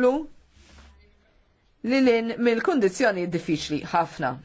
Lu li mill-kondizjoni diffiċli ħafna.